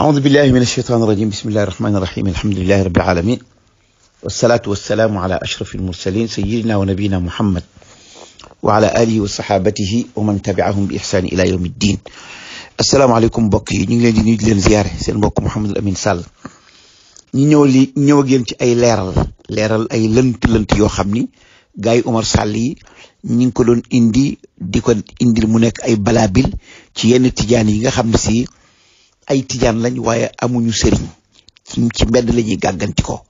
أعوذ بالله من الشيطان الرجيم بسم الله الرحمن الرحيم الحمد لله رب العالمين والصلاة والسلام على أشرف المرسلين سيدنا ونبينا محمد وعلى آله وصحابته ومن تبعهم بإحسان إلى يوم الدين asalaamaaleykum mbokk yi ñu ngi leen di nuyu di leen ziare seen mbokk Mouhamadul Amine Sall ñu ñëw li ñëw ak yéen ci ay leeral leeral ay lënt lënt yoo xam ni gars yi Umar Sall yi ñu ngi ko doon indi di ko indil mu nekk ay balaabil ci yenn tijaan yi nga xam ne si ay tijaan lañ waaye amuñu sëriñ ci mbedd lañuy gàggantikoo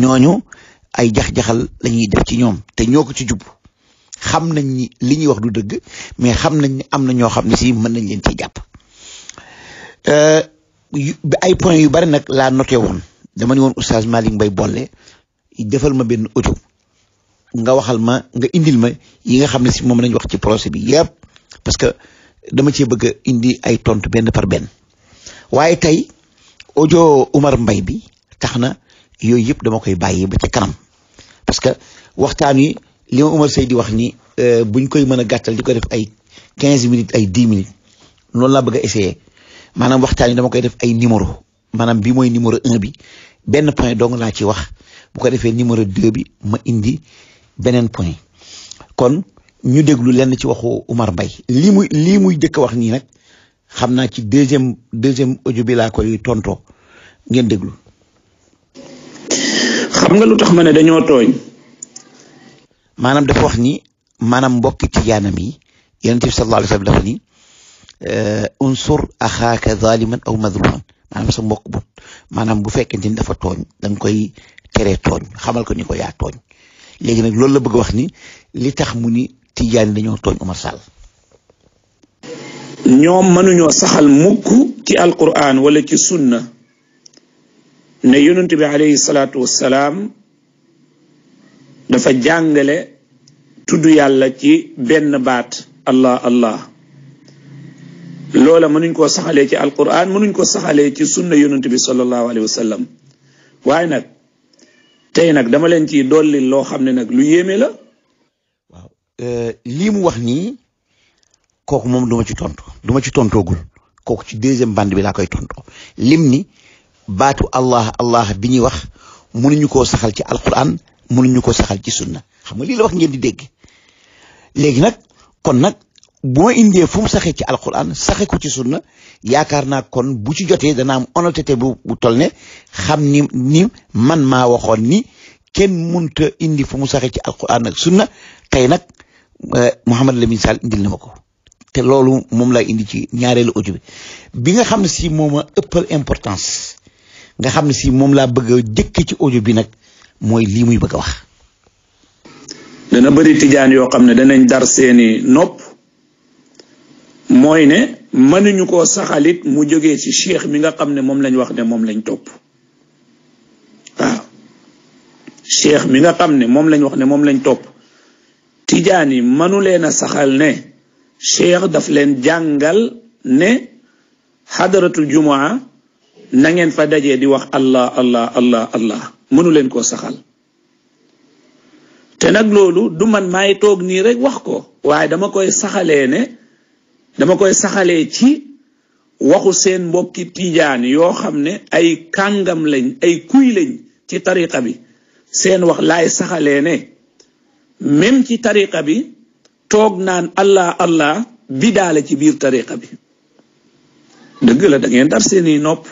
ñooñu ay jax-jaxal la def ci ñoom te ñoo ko ci jub xam nañ ni li ñuy wax du dëgg mais xam nañ ni am na ñoo xam ne si mën nañ leen ci jàpp euh, ay point yu bari nag laa noté woon dama ni woon oustaz Malick Mbaye Bollé defal ma benn audio nga waxal ma nga indil ma yi nga xam ne si moom lañ wax ci procès bi yëpp parce que dama cee bëgg a indi ay tontu benn par benn waaye tey ojo Umar Mbay bi tax na yooyu yëpp dama koy bàyyi ba ci kanam parce que waxtaan wi li ma Umar Sey di wax ni euh, buñ koy mën a gàttal di ko def ay quinze minutes ay dix minutes loolu laa bëgg a essayer maanaam waxtaan wi dama koy def ay numéro maanaam bi mooy numéro un bi benn point dong laa ci wax bu ko defee numéro deux bi ma indi beneen point kon ñu déglu lenn ci waxu Umar Mbay lii muy lii muy dëkk wax nii nag xam naa ci deuxième deuxième audio bi koy tontoo ngeen déglu. xam nga lu tax ma ne dañoo tooñ. maanaam dafa wax ni maanaam mbokki tijaanam yi yonent bi sallallahu alayhi wa sallam dafa ni euh, unsur axaaka zaliman aw mazluman maanaam sa mbokk bu maanaam bu fekkente ni dafa tooñ da koy tere tooñ xamal ko ni ko yaa tooñ léegi nag loolu la bëgg wax ni li tax mu ni tijaan dañoo tooñ Omar Sall. ñoom mënuñoo saxal mukk ci alquran wala ci sunna na yonent bi alayhi salaatu wassalaam dafa jàngale tudd yàlla ci benn baat allah allah loola mënuñ koo saxalee ci alquran mënuñ ko saxalee ci sunna yonent bi sallallahu alayhi wa sallam waaye nag tey nag dama leen ci dolli loo xam ne nag lu yéeme la waaw euh, wax nii kooku moom du ma ci tontu du ma ci tontoogul kooku ci deuxième bande bi laa koy tontoo lim ni baatu allah allah bi ñuy wax mënuñu koo saxal ci alquran mënuñu ko saxal ci sunna xam nga lii la wax ngeen di dégg léegi nag kon nag boo indee fu mu saxee ci alquran saxe ko ci sunna yaakaar naa kon bu ci jotee dana am honnêteté bu bu toll ne xam ni ni man maa waxoon ni kenn mënta indi fu mu saxee ci alquran ak sunna tey nag euh, Mouhamed Lamine Sall indil na ma ko. te loolu moom lay indi ci ñaareelu audio bi bi nga xam ne si moom a ëppal importance nga xam ne si moom laa bëgg jëkk ci audio bi nag mooy lii muy bëgg a wax. dana bari tiijaan yoo xam ne danañ dar seeni nopp mooy ne mënuñu koo saxalit mu jógee ci cheikh mi nga xam ne moom lañ wax ne moom lañ topp waaw cheikh mi nga xam ne moom lañ wax ne moom lañ topp saxal ne. cheikh daf leen jàngal ne xadaratul jumaa na ngeen fa dajee di wax allah allah allah allah mënu leen koo saxal te nag loolu du man may toog nii rek wax ko waaye dama koy saxalee ne dama koy saxalee ci waxu seen mbokki tiijaan yoo xam ne ay kàngam lañ ay kuy lañ ci tariqa bi seen wax laay saxalee ne même ci tariqa bi toog naan allah allah bidaale ci biir tariqa bi dëgg la da dar seeni nopp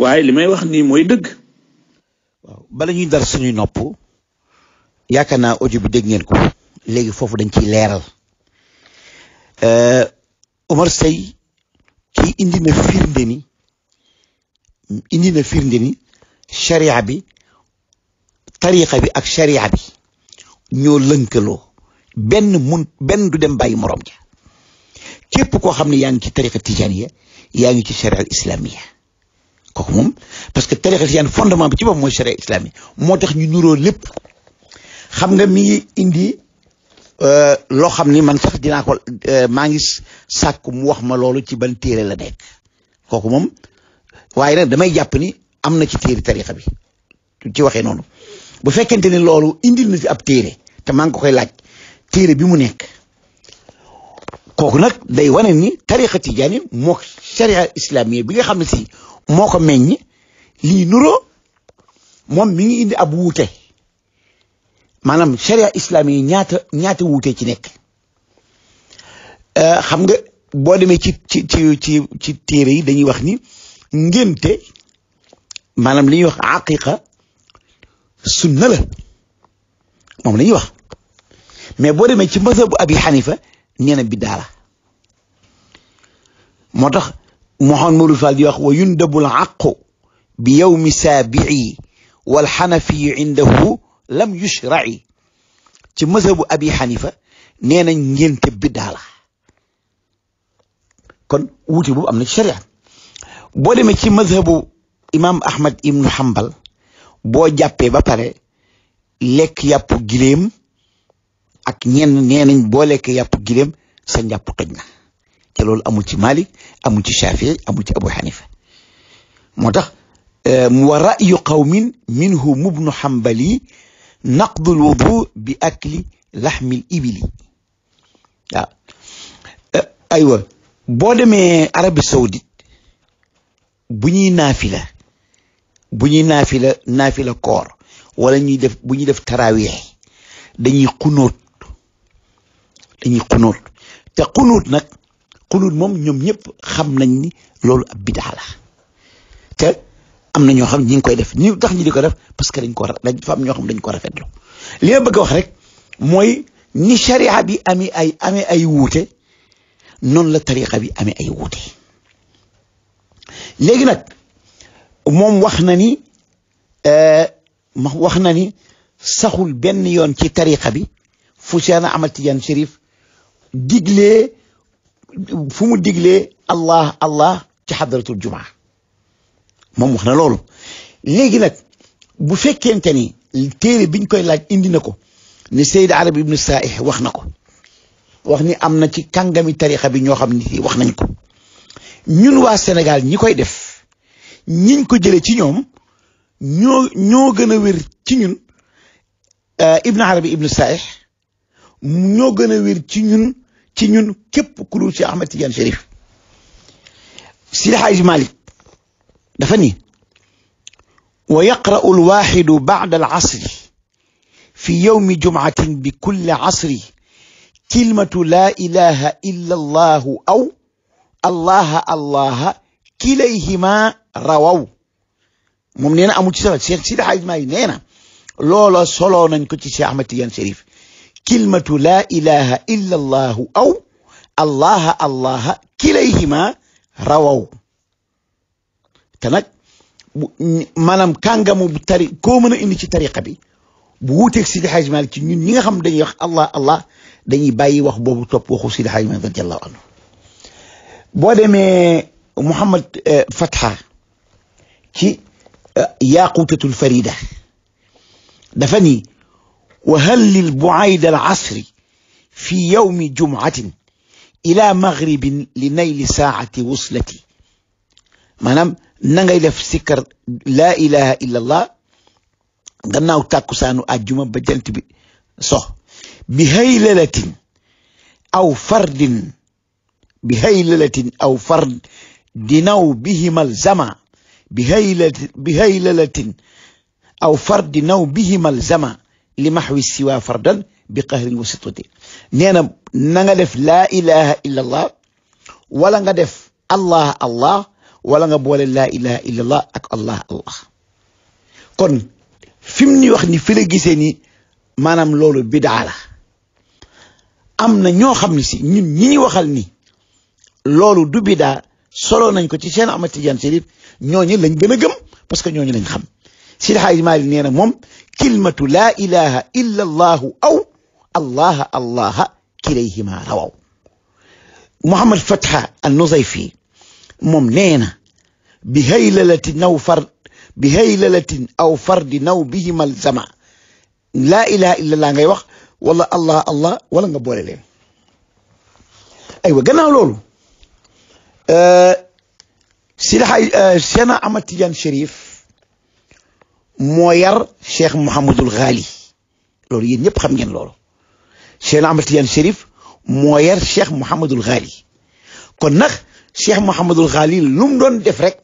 waaye li may wax nii mooy dëgg bala ñuy dar suñuy nopp yaakaar naa ojo bi dégg ngeen ko léegi foofu dañ ciy leeral euh, Omar Seye kii indi na firnde ni indi na firnde ni sharia bi tariqa bi ak sharia bi ñoo lënkaloo benn mun benn du dem bàyyi morom ja képp koo xam ne yaa ngi ci tariqa tijaniya yaa ngi ci sharia islamiya kooku moom parce que tariqa tijaniya fondement bi ci boppam mooy sharia islamiya moo tax ñu nuroo lépp xam nga mi ngi indi euh, loo xam ni man sax dinaa ko euh, maa ngi sàkk mu wax ma loolu ci ban téere la nekk kooku moom waaye nag damay jàpp ni am na ci téere tariqa bi ci waxee noonu bu fekkente ni loolu indil na ci ab téere te maa ngi ko koy laaj téere bi mu nekk kooku nag day wane ni tariqa tijaani moo sharia islamiya bi nga xam ne si moo ko meññ lii nuroo moom mi ngi indi ab wuute maanaam sharia islamiya ñaata ñaata wuute ci nekk eh, xam nga boo demee ci ci ci ci ci téere yi dañuy wax ni ngénte maanaam li ñuy wax aqiqa sunna la moom la ñuy wax mais boo demee ci mazhabu abi xanifa neena bi biddaa moo tax Mouhamed Mawlud Fall di wax wa yundabul aqu bi yowmi saabi'i wal xanafiyu indahu lam yushra'i ci mazhabu abi xanifa nee na ngénte biddaa la kon wuute bu am na ci sharia boo demee ci mazhabu imaam Ahmad ibnu Hanbal boo jàppee ba pare lekk yàpp gileem ak ñenn nee nañ boo lekk yàpp giléem sa njàpp xëj na te loolu amul ci Malik amul ci Shafii amul ci Abu Hanifa moo tax euh, mu wa ra'yu qawmin minhum ibnu Hanbali naqdu lwudu bi akli laxmil ibili waaw euh, aywa boo demee Arabie Saoudite bu ñuy naafila bu ñuy naafila naafila koor wala ñuy def bu ñuy def taraawix dañuy xunuut te xunuut nag xunuut moom ñoom ñëpp xam nañ ni loolu ab bidaa la te am na ñoo xam ñi ngi koy def ni tax ñi di ko def parce que dañ ko dañ fa am ñoo xam dañ ko rafetlu li ma bëgg a rek mooy ni sharia bi amee ay amee ay wuute noonu la tariqa bi amee ay wuute léegi nag moom wax na ni euh, wax na ni saxul benn yoon ci tariqa bi fu Seexna Ahmad Tijaan Chérif digle fu mu diglee allah allah ci xadratul jumaa moom wax na loolu léegi nag bu fekkente ni téere biñ koy laaj indi na ko ni Sayyid Arab Ibn Saih wax na ko wax ni am na ci kàngami tarixa bi ñoo xam ni wax nañ ko ñun waa Sénégal ñi koy def ñiñ ko jëlee ci ñoom ñoo ñoo gën a wér ci ñun euh, Ibn Arabi Ibn Saih ñoo gën a wér ci ñun ci ñun képp ku dul Cheikh Ahmed Tidiane Chérif Sidi Hadj Malick dafa ni wa yaqra'u al-waahidu ba'da al-'asri fi yawmi jum'atin bi kulli 'asri kalimatu laa ilaaha illa Allahu aw Allaha Allaha kilayhima rawaw moom nee na amul ci sax Cheikh Sidi Hadj Malick nee na loola soloo nañ ko ci Cheikh Ahmed Tidiane Chérif كلمة لا إله إلا الله أو الله الله كليهما rawaw te nag maanaam kàngamu tari koo mën a indi ci tariqa bi bu wuuteeg Sidi Hadj Malick ci ñun ñi nga xam dañuy wax allah allah dañuy bàyyi wax boobu topp waxu Sidi Hadj Malick radiyallahu anhu boo demee Mouhamad Fatha ci yaqutatul farida dafa ni وهلل بعيد العصر في يوم جمعة إلى مغرب لنيل ساعة وصلتي maanaam na ngay def sikkar laa ilaha illa allah gannaaw tàkkusaanu àjjuma ba jant bi sox bi haylalatin aw fardin bi haylalatin aw fard dinaw bihimal zama bi haylalatin aw fard dinaw bihimal zama li maxwi siwa fardan bi qahrin wa sitati nee na na nga def laa ilaha illa allah wala nga def allah allah wala nga boole laa ilaha illa allah ak allah allah kon fi mu wax ni fi la gisee ni maanaam loolu bidaa la am na ñoo xam ne si ñun ñi ñu waxal ni loolu du bidaa soloo nañ ko ci seen Ahmad Tidiane Chérif ñooñu lañ gën a gëm parce que ñooñu lañ xam Seydi Hadji Malick nee na moom كلمة لا إله إلا الله أو الله الله كليهما رواw Mouhamad Fatha an-Nuzayfi moom nee na bi haylalatin aw fard bi haylalatin aw fardi naw bihima alzama laa ilaha illa allah ngay wax wala allah allah wala nga boole leen aywa gannaaw loolu Sidi Hadj Seydina Ahmad Tidiane Chérif moo yar cheikh Mouhamadul Ghali loolu yéen ñëpp xam ngeen loolu cheikh Ahmed Tidiane Chérif mooyar yar cheikh Mouhamadul Ghali kon nag cheikh Mouhamadul Ghali lu doon def rek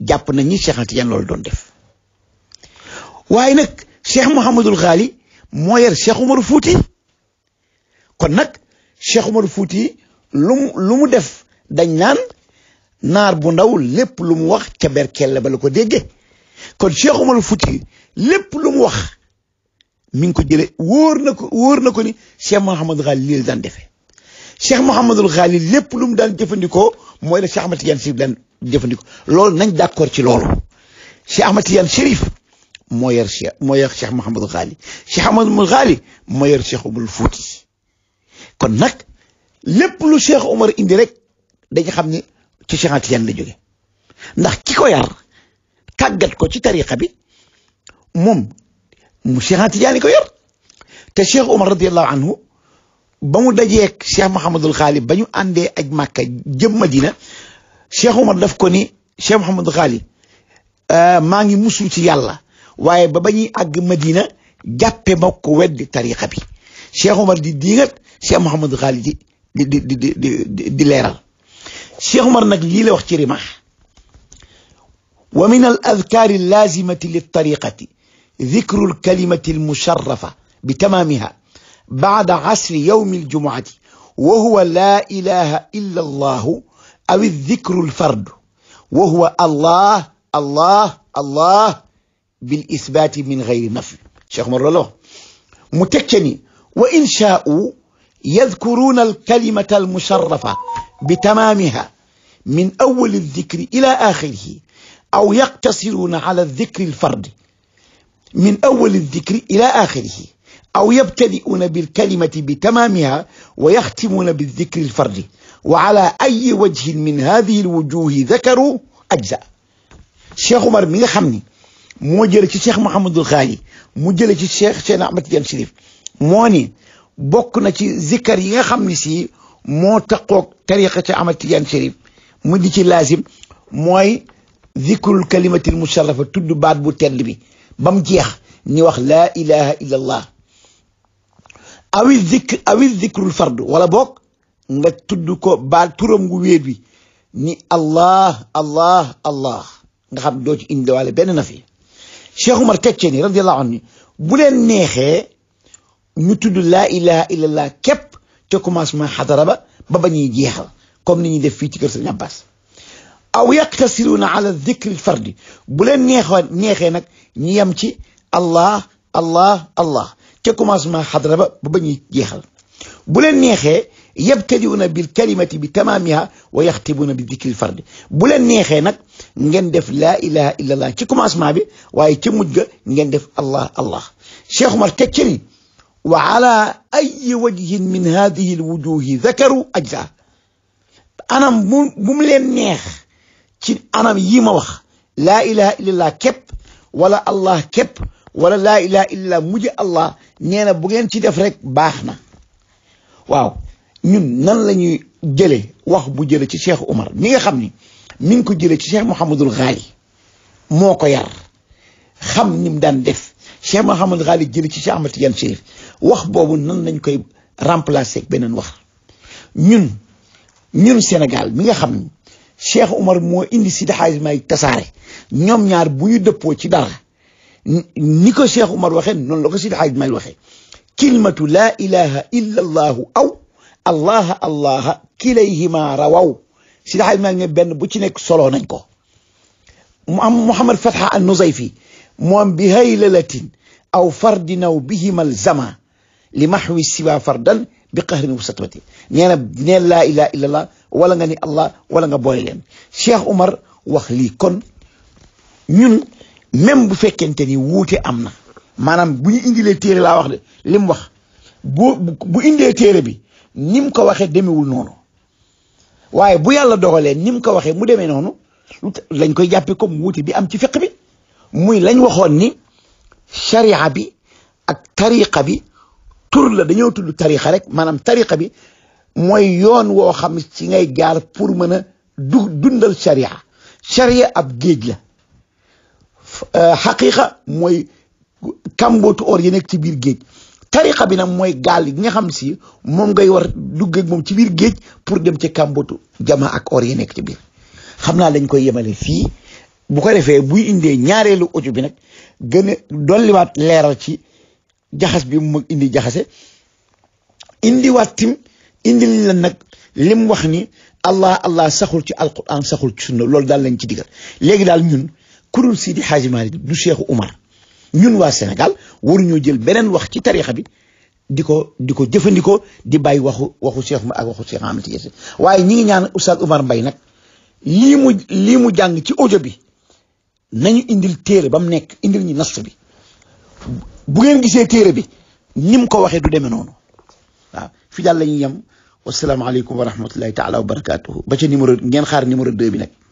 jàpp nañ ni cheikh Ahmed Tidiane loolu doon def waaye nag cheikh Mouhamadul Ghali moo yar cheikh Umar Fouti kon nag cheikh Umar Fouti lu mu def dañ naan naar bu ndaw lépp lu mu wax ca berkelle ba la ko déggee. kon Cheikh Umar Fouti lépp lu mu wax mi ngi ko jëlee wóor na ko wóor na ko ni Cheikh Mouhamadul Xaali lii la daan defee Cheikh Mouhamadul Xaali lépp lu mu daan jëfandikoo mooy la Cheikh Ahmad Tidiane Chérif daan jëfandikoo loolu nañ d'accord ci loolu Cheikh Ahmad Tidiane Chérif moo yar Cheikh moo yar Cheikh Mouhamadul Xaali Cheikh Mouhamadul Xaali moo yar Cheikh Umar kon nag lépp lu Cheikh Umar indi rek dañu xam ni ci Cheikh Tidiane la jóge ndax ki ko yar. tàggat ko ci tariqa bi moom mu Cheikh Tidiane ko yor te Cheikh Omar radiyallahu anhu ba mu dajeeg Cheikh Mouhamadul Xaali ba ñu àndee aj Màkka jëm Madina Cheikh Omar daf ko ni Cheikh Mouhamadul Xaali euh, maa ngi musul ci yàlla waaye ba ba ñuy àgg Madina jàppe ma ko weddi tariqa bi Cheikh Omar di diingat Cheikh Mouhamadul Xaali di di di leeral Cheikh Omar nag lii wax ci rimaax. wa min al adkaari allaazimati liltariqati dikru alkalimati almusharrafa bitamaamiha bacda casri yowmi aljumucati wa huwa laa ilaha illa allahu aw aldikru alfardu wa huwa allah allah allah bilisbaati min gayri nafi Cheikh Omar loolu la wax mu tekke ni wa in shaa'uu yadkuruuna alkalimata almusharrafa bitamaamiha min awali aldikri ila axirihi aw yaqtasiruuna ala dikri lfardi min awali dikri ila axirihi aw yabtadi'uuna bilkalimati bitamaamiha wa yaxtimuuna bidikri lfardi wa ala ayi wajhin min hadihi lwujuhi dakaru ajza Cheikh Umar mi nga xam ni moo jële ci Cheikh Mouhamadul Xaali mu jële ci Cheikh Cheikh Ahmad Tijaan Chérif moo ni bokk na ci zikkar yi nga xam ni si moo taqoog tariqa ci Ahmad Tijaan Chérif mu di ci laazim mooy zikrul kalimatil musharrafa tudd baat bu tedd bi ba mu jeex ñu wax laa ilaha illa allah awi zikr awi zikrul fard wala boog nga tudd ko baat turam gu wéet bi ni allah allah allah nga xam doo ci indiwaale benn na fi Cheikh Umar teg ci ni radiyallahu anhu bu leen neexee ñu tudd laa ilaha illa allah képp ca commencement xadara ba ba ba ñuy jeexal comme ni ñuy def fii ci kër Sëriñ Abbas aw yaqtasiruuna ala dikri fardi bu leen neexoon neexee nag ñi yem ci allah allah allah ca commencement xadra ba ba ba ñuy jeexal bu leen neexee yabtadiuna bil kalimati bi tamaamiha wa yaxtibuuna bi dikri fardi bu leen neexee nag ngeen def laa ilaha illa allah ci commencement bi waaye ca mujj ga ngeen def allah allah Cheikh Umar teg ci ni wa ala ayi wajhin min hadihi alwujuhi dakaru ajza anam bu mu leen neex ci anam yii ma wax laa ilaha illallah képp wala allah képp wala laa ilaha illallah mujj allah nee na bu ngeen ci def rek baax na waaw ñun nan la ñuy jëlee wax bu jële ci cheikh Umar mi nga xam ni mi ngi ko jëlee ci cheikh Mouhamadul Ghali moo ko yar xam ni mu daan def cheikh Mouhamadul Ghali jële ci cheikh Ahmad Tidiane Chérif wax boobu nan lañ koy remplacer beneen wax ñun ñun senegal mi nga xam ni Cheikh Umar moo indi Sidi Hadj Maalik tasaare ñoom ñaar bu ñu dëppoo ci dara ni ko Cheikh Umar waxee noonu la ko Sidi Hadj Maalik waxee kilmatu laa ilaha illa allahu aw allaha allaha kilayhima rawaw Sidi Hadj Maalik ne benn bu ci nekk solo nañ ko mu am Muhammad Fatha an-Nuzayfi moom bi haylalatin aw fardinaw bihima alzama li maxwi siba fardan bi qahrin wa satwatin nee na neen laa ilaha illa allah wala nga ni Allah wala nga boole leen Cheikh Umar wax lii kon ñun même bu fekkente ni wuute am na maanaam bu ñu indilee téere laa wax de li mu wax bu bu indee téere bi ni mu ko waxee demewul noonu waaye bu yàlla dogalee ni mu ko waxee mu demee noonu lañ koy jàppee comme wuute bi am ci fiq bi muy lañ waxoon ni sharia bi ak tariqa bi tur la dañoo tudd tariqa rek maanaam tariqa bi mooy yoon woo xam ci ngay jaar pour mën a du dundal sharia sharia ab géej la euh, xaqiqa mooy kambootu or yi nekk ci biir géej tariqa bi nag mooy gaal yi nga xam si moom ngay war dugg moom ci biir géej pour dem ci kambootu jama ak or yi nekk ci biir xam naa dañ koy yemale fii bu ko defee buy indee ñaareelu audio bi nag gën a dolliwaat leeral ci jaxas bi mu indi jaxase indiwaat tim indil la nag lim wax ni allah allah saxul ci alquran saxul ci sunna loolu daal lañ ci digal léegi daal ñun kurul Sidi Hadji Malick du Cheikhu Umar ñun waa Sénégal waruñoo jël beneen wax ci tarixa bi di ko di ko jëfandikoo di bàyyi waxu waxu Cheikh ma ak waxu Cheikh Ahmed Tidiane waaye ñi ngi ñaan Oustaz Oumar mbay nag lii mu lii mu jàng ci ojo bi nañu indil téere ba mu nekk indil ñu nas bi bu ngeen gisee téere bi ni mu ko waxee du demee noonu fi daal la ñuy yem wasalaamaaleykum wa rahmatullahi taala wa barakaatuhu ba ca numéro ngeen xaar numéro 2 bi nag.